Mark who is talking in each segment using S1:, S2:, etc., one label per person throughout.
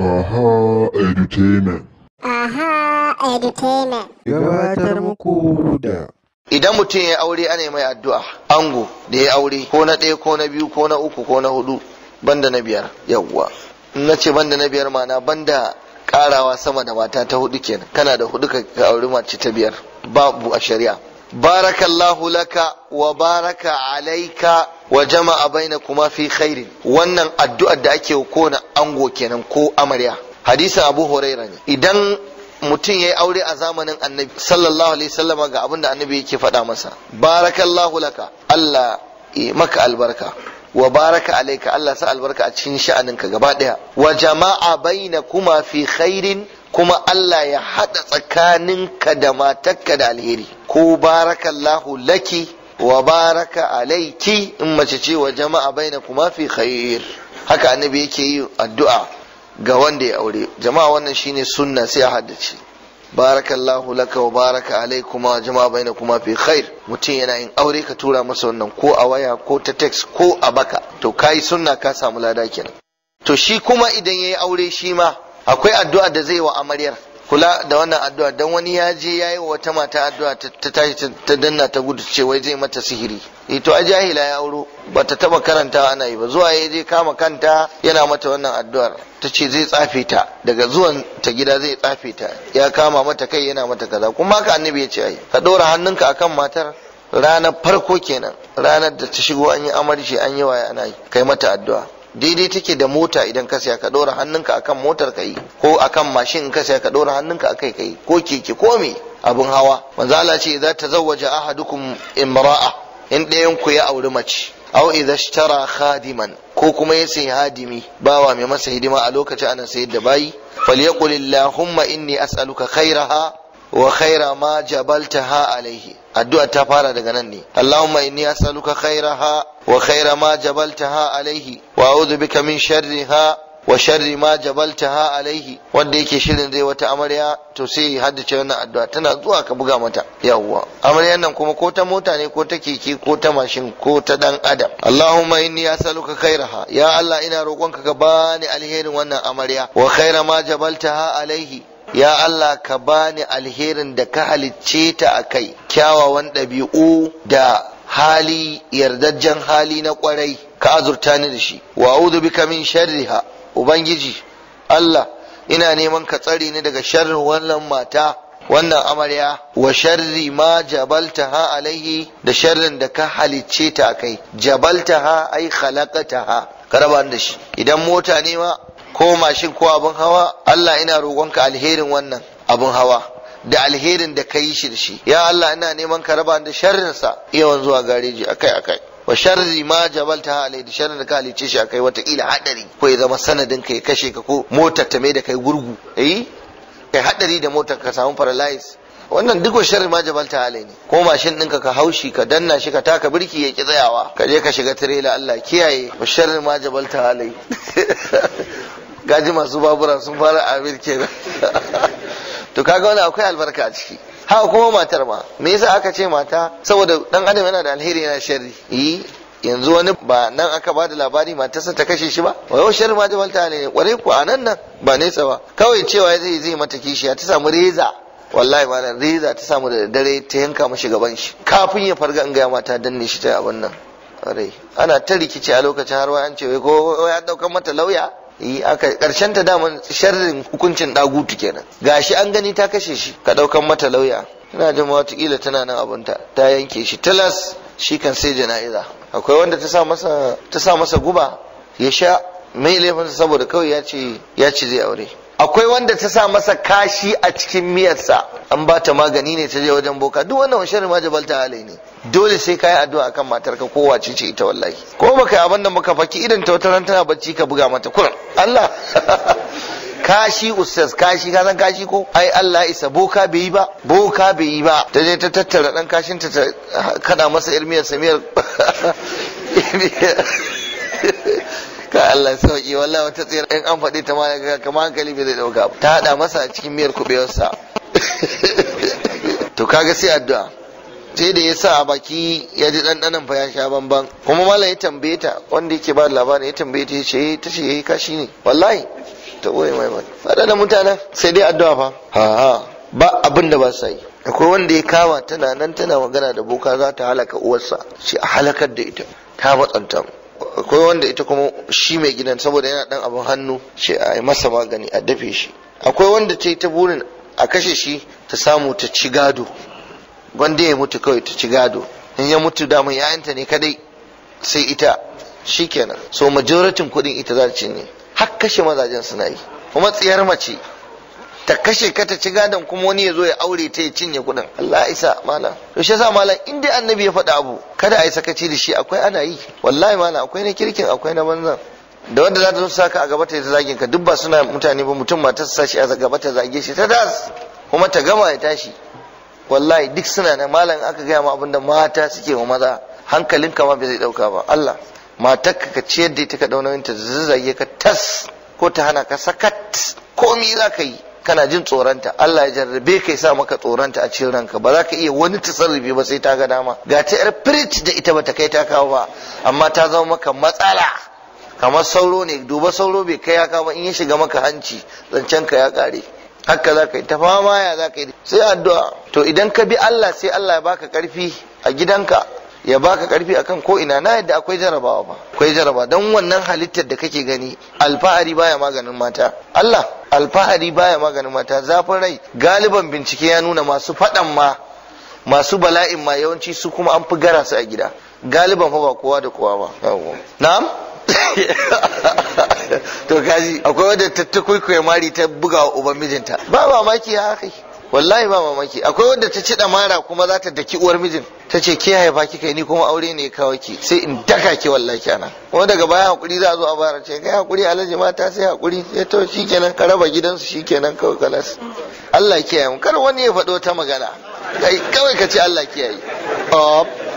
S1: Aha Entertainment. Aha Entertainment. Gabatar muku da. Idan mutum ya aure ana mai addu'a, ango da ya aure ko na ɗaya ko na biyu ko na uku ko na hudu banda na biyar yawwa. Na ce banda na biyar mana banda ƙarawa sama da mata ta hudu kenan kana da hudu ka auri mace ta biyar babu a shari'a. بارك الله لك وبارك عليك وجمع بينكما في خير wannan addu'ar da ake ko na ango kenan ko amarya hadisin Abu Hurairah ne idan mutum yayi aure a zamanin Annabi sallallahu alaihi wasallam ga abin da Annabi yake faɗa masa barakallahu laka Allah maka albarka wa baraka alaika Allah sa albarka a cikin sha'aninka gaba daya wa jama'a bainakuma fi khairin kuma Allah ya haɗa tsakaninka da matarka da alheri ko barakallahu laki wa baraka alaiki in mace ce wa jama'a baina kuma fi khair haka annabi yake yi addu'a ga wanda ya aure jama'a wannan shine sunna sai a haddace barakallahu laka wa baraka alaikuma wa jama'a baina kuma fi khair mutum yana yin aure ka tura masa wannan ko a waya ko ta text ko a baka to kai sunna ka samu lada kenan to shi kuma idan yayi aure shi ma akwai addu'a da zai wa amaryar kula da wannan addu'a dan wani ya je yayi wa wata mata addu'a ta tashi ta danna ta gudu ce wai zai mata sihiri eh to a jahila ya auro ta taba karanta ana yi ba zuwa ya je kama kanta yana mata wannan addu'ar ta ce zai tsafe ta daga zuwan ta gida zai tsafe ta ya kama mata kai yana mata kaza kuma ka annabi ya ce ai ka dora hannunka akan matar ranar farko kenan ranar da ta shigo an yi amarci an yi waye ana kai mata addu'a daidai take da mota idan ka saya ka ɗora hannunka akan motar ka yi ko akan mashin in ka saya ka ɗora hannunka akai ka yi ko keke ko me abun hawa manzo Allah ce idza tazawwaja ahadukum imra'a in ɗayan ku ya auri mace aw idza ishtara khadiman ko kuma ya sayi hadimi bawa mai masa hidima a lokacin ana sayar da bayi falyaqul allahumma inni as'aluka khairaha wa khaira ma ha alaihi addu'a ta fara daga nan ne Allahumma inni as'aluka ha wa khaira ma ha alaihi wa a'udhu bika min ha wa sharri ma ha alaihi wanda yake shirin zai wata amarya to sai haddace wannan addu'a tana zuwa ka buga mata yawwa amaryan nan kuma ko ta mota ne ko ta keke ko ta mashin ko ta dan adam Allahumma inni as'aluka khairaha ya Allah ina roƙonka ka bani alherin wannan amarya wa khaira ma jabaltaha alaihi ya Allah ka bani alherin da ka halicce ta a kai kyawawan ɗabi'u da hali yardajjen hali na kwarai ka azurta ni da shi wa a'udhu bika min sharriha ubangiji Allah ina neman ka tsare ni daga sharrin wannan mata wannan amarya wa sharri ma ha alaihi da sharrin da ka halicce ta kai ha ai khalaqataha ka raba da shi idan mota ne ma ko mashin ko abin hawa Allah ina roƙonka alherin wannan abin hawa da alherin da ka yi shi da shi ya Allah ina neman ka raba da sharrinsa yawan zuwa gareji akai akai wa sharri ma jabalta alai da sharrin da ka halice shi akai watakila hadari ko ya zama sanadin ka ya kashe ka ko motar ta mai da kai gurgu eh kai hadari da motar ka samu paralyze wannan duk sharri ma jabalta alai ne ko mashin ɗinka ka haushi ka danna shi ka taka birki ya ki tsayawa ka je ka shiga tirela Allah kiyaye wa sharri ma jabalta alai kaji masu babura sun fara amir kenan to kaga wani akwai albarka a ciki haka kuma matar ma me yasa aka ce mata saboda dan adam yana da alheri yana sharri yi yanzu wani ba nan aka ba da labari matarsa ta kashe shi ba wa yau sharri ma jabalta ne kwarai ku a nan nan ba nesa ba kawai cewa zai zai mata kishiya ta samu reza wallahi ma nan reza ta samu da dare ta yanka mashi gaban shi kafin ya farga in ga mata danne shi ta abin nan ana ta rikici a lokacin har wai an ce wai ko ya daukan mata lauya yi eh, aka karshen ta daman sharrin hukuncin dagutu kenan gashi an gani ta kashe shi ka daukan mata lauya ina jin watakila tana nan abinta ta yanke shi talas shi kan sai jana'iza akwai wanda ta sa masa ta sa masa guba ya sha mai laifin saboda kawai ya ce ya ce zai aure akwai wanda ta sa masa kashi a cikin miyar sa. an ba ta magani ne ta je wajen boka duk wannan shirin ma jabalta alai ne dole sai ka yi addu'a kan matar ka kowa ce ita wallahi ko baka yi abin da muka faki idan ta wata ran tana bacci ka buga mata Kura Allah kashi ustaz kashi ka san kashi ko ai Allah isa boka bai yi ba boka bai yi ba ta je ta tattara dan kashin ta kada masa irmiyar samiyar ka Allah sauki wallahi wata tsira in an faɗi ta ma kamar hankali bai zai dauka ta hada masa a cikin miyar kubewarsa to kaga sai addu'a sai da ya sa a baki ya ji ɗanɗanan fa ya sha bamban kuma mala ya tambaye ta wanda yake ba labarin ya tambaye ta ya ce eh, ta ce yayi eh, kashi ne wallahi ta boye mai mai waɗannan mutanen sai dai addu'a fa ha ba abin da ba sa yi akwai wanda ya kama tana nan tana magana da boka za ta halaka uwarsa shi a halakar da ita ta matsanta akwai wanda ita kuma shi mai gidan saboda yana dan abin hannu shi a yi masa magani a dafe shi akwai wanda ta yi ta burin a kashe shi ta samu ta ci gado gwanda ya mutu kawai ta ci gado in ya mutu damun ya'yanta ne kadai sai ita shikenan so majoratin kuɗin ita za ci ne har kashe mazajen suna yi kuma tsiyar mace ta kashe ka ta ci gadon kuma wani ya zo ya aure ta ya cinye kuɗin Allah isa malam to shi yasa malam in annabi ya faɗa abu kada a yi sakaci da shi akwai ana yi wallahi malam akwai na kirkin akwai na banzan da wanda za ta zo saka a gaba ta zagin ka duk ba suna mutane ba mutum matar sa shi a gaba ta zage shi ta das kuma ta gama ya tashi wallahi duk suna na malam aka gaya ma abinda mata suke wa maza ka ma bai zai dauka ba Allah matarka ka ciyar da ita ka dauna ta zazzage ka tas ko ta hana ka sakat komi za ka yi kana jin tsoronta Allah ya jarrabe ka sa maka tsoronta a cikin ranka ba za ka iya wani tasarrufi ba sai ta ga dama ga ta yar fridge da ita bata kai ta kawo ba amma ta zama maka matsala kamar sauro ne duba sauro bai kai ya kawo in ya shiga maka hanci zancen ka ya kare haka za ka yi ta fama ya za ka yi sai addu'a to idan ka bi Allah sai Allah ya baka karfi a gidanka ya baka karfi akan ko ina na yadda akwai jarabawa ba akwai jaraba don wannan halittar da kake gani alfahari baya maganin mata Allah alfahari baya maganin mata zafin rai galiban bincike ya nuna masu faɗan ma masu bala'in ma yawanci su kuma an fi gara su a gida galiban fa ba kowa da kowa ba na'am to kaji akwai wadda ta ta kwaikwaye mari ta buga wa uban mijinta ba mamaki ya haka wallahi ba mamaki akwai wadda ta ci damara kuma za ta daki uwar mijin ta ce ke haifa kika ni kuma aure ne kawai ki sai in daka ki wallahi kenan kuma daga baya hakuri za a zo a bara ce kai hakuri alhaji mata sai hakuri sai to shikenan ka raba gidansu shikenan kawai kalas Allah kiyaye mu kar wani ya faɗo ta magana kai kawai ka ce Allah kiyaye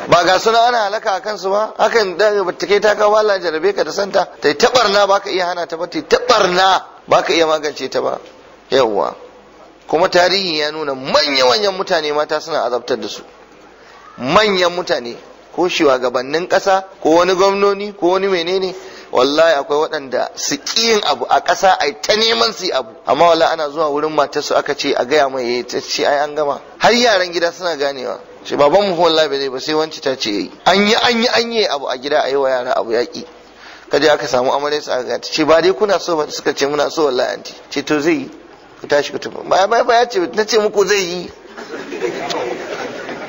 S1: ba ga suna ana halaka a kansu ba hakan da take ta kawo wala jarabe ka da santa Ta tabarna ba ka iya hana ta ba Ta tabarna ba ka iya magance ta ba yawwa kuma tarihi ya nuna manya-manyan mutane mata suna azabtar da su manyan mutane ko shugabannin kasa ko wani gwamnoni ko wani menene wallahi akwai waɗanda su yin abu a ƙasa ai ta neman su abu amma wallahi ana zuwa wurin matarsu aka ce a gaya mai ya ce ai an gama har yaran gida suna ganewa shi baban mu wallahi bai zai ba sai wanci ta ce yayi an yi an yi an yi abu a gida a yi wa yara abu yaki kaje aka samu amarya su aka ce ba dai kuna so ba suka ce muna so wallahi anti ce to zai yi ku tashi ku tafi ba ba ya ce na ce muku zai yi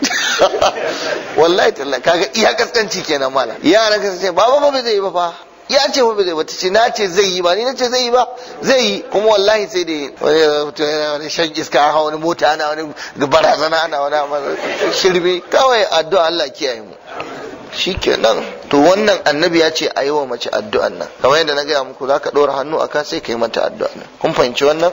S1: wallahi tallahi kaga iya kaskanci kenan mala yaran ka ce baba ba zai yi ba fa ya ce fa bai ta ce na ce zai yi ba ni na ce zai yi ba zai yi kuma wallahi sai da eh, wani shan iska a wani mota ana wani barazana ana wani shirme kawai addu'a Allah kiyaye mu shikenan to wannan annabi ya ce a yi wa mace addu'an nan kamar yadda na gaya muku za ka ɗora hannu a ka sai ka yi mata addu'an nan kun fahimci wannan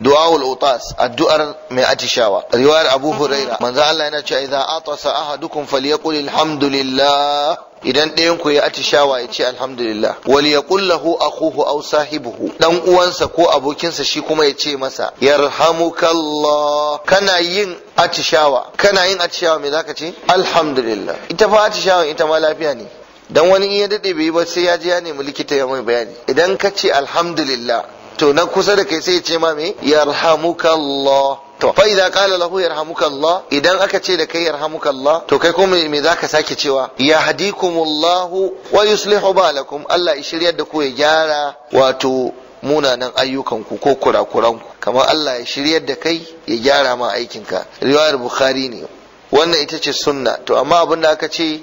S1: du'aul utas addu'ar mai atishawa riwayar abu huraira manzo Allah yana cewa idza atasa ahadukum falyaqul alhamdulillah idan ɗayan ku ya atishawa ya ce alhamdulillah wal yaqul lahu akhuhu aw sahibuhu dan uwansa ko abokinsa shi kuma ya ce masa yarhamukallah kana yin atishawa kana yin atishawa me zaka ce alhamdulillah ita fa atishawa ita ma lafiya ne dan wani in ya dade bai ba sai ya je ya nemi likita ya mai bayani idan ka ce alhamdulillah to nan kusa da kai sai ya ce ma me Allah. to fa idza qala lahu Allah. idan aka ce da kai Allah, to kai kuma me zaka sake cewa yahdikumullahu wa yuslihu balakum Allah ya shiryar da ku ya gyara wato munanan ku ko kurakuran ku. kamar Allah ya shirya da kai ya gyara ma aikinka riwayar bukhari ne wannan ita ce sunna to amma abin da aka ce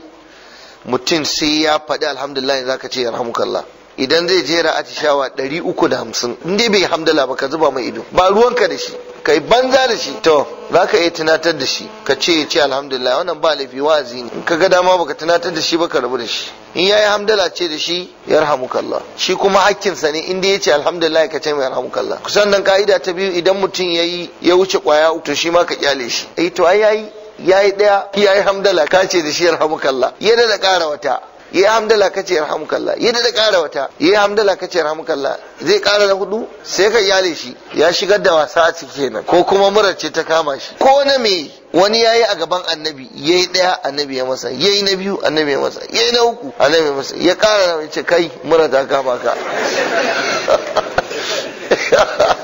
S1: mutum sai ya faɗi alhamdulillah zaka ce Allah. idan zai jera atishawa 350 in dai bai hamdala ba ka zuba mai ido ba ruwanka da shi kai banza da shi to za ka iya tunatar da shi ka ce ce alhamdulillah wannan ba laifi wa'azi ne in ka ga dama baka tunatar da shi ba ka rabu da shi in yayi hamdala ce da shi ya yarhamukallah shi kuma hakkinsa ne inda ya ce alhamdulillah ka ce mai yarhamukallah kusan nan ka'ida ta biyu idan mutum yayi ya wuce kwaya to shi ma ka kyale shi eh to ai yayi yayi daya yayi hamdala ka ce da shi kalla yana da kara wata yi hamdala ka ce rahamukallah yi da kara wata yi hamdala ka ce rahamukallah zai kara na hudu sai ka yale shi ya shigar da wasa a ciki nan. ko kuma murar ce ta kama shi ko na me wani ya yi a gaban annabi ya yi ɗaya annabi ya masa ya yi na biyu annabi ya masa ya yi na uku annabi ya masa ya kara na ce kai mura ta kama ka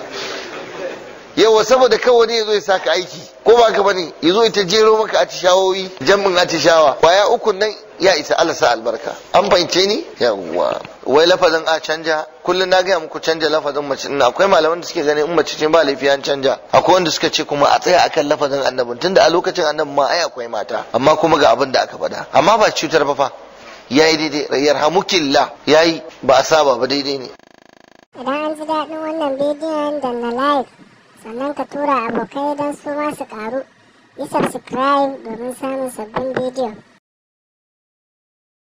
S1: yawa saboda kawai ne ya zo ya saka aiki ko ba ka bane ya zo ita jero maka a shawoyi jamin a shawa kwaya ukun nan ya isa Allah sa albarka an fahimce ni yawa wai lafazin a canja kullum na gaya muku canja lafazin mace ina akwai malaman da suke ganin in mace ce ba laifi an canja akwai wanda suka ce kuma a tsaya akan lafazin annabin tunda a lokacin annabin ma ai akwai mata amma kuma ga abin da aka faɗa amma ba cutar ba fa yayi daidai yarhamukillah yayi ba a saba ba daidai ne idan an ji daɗin wannan bidiyon da na like sannan ka tura abokai don su ma su ƙaru yi subscribe domin samun sabbin bidiyo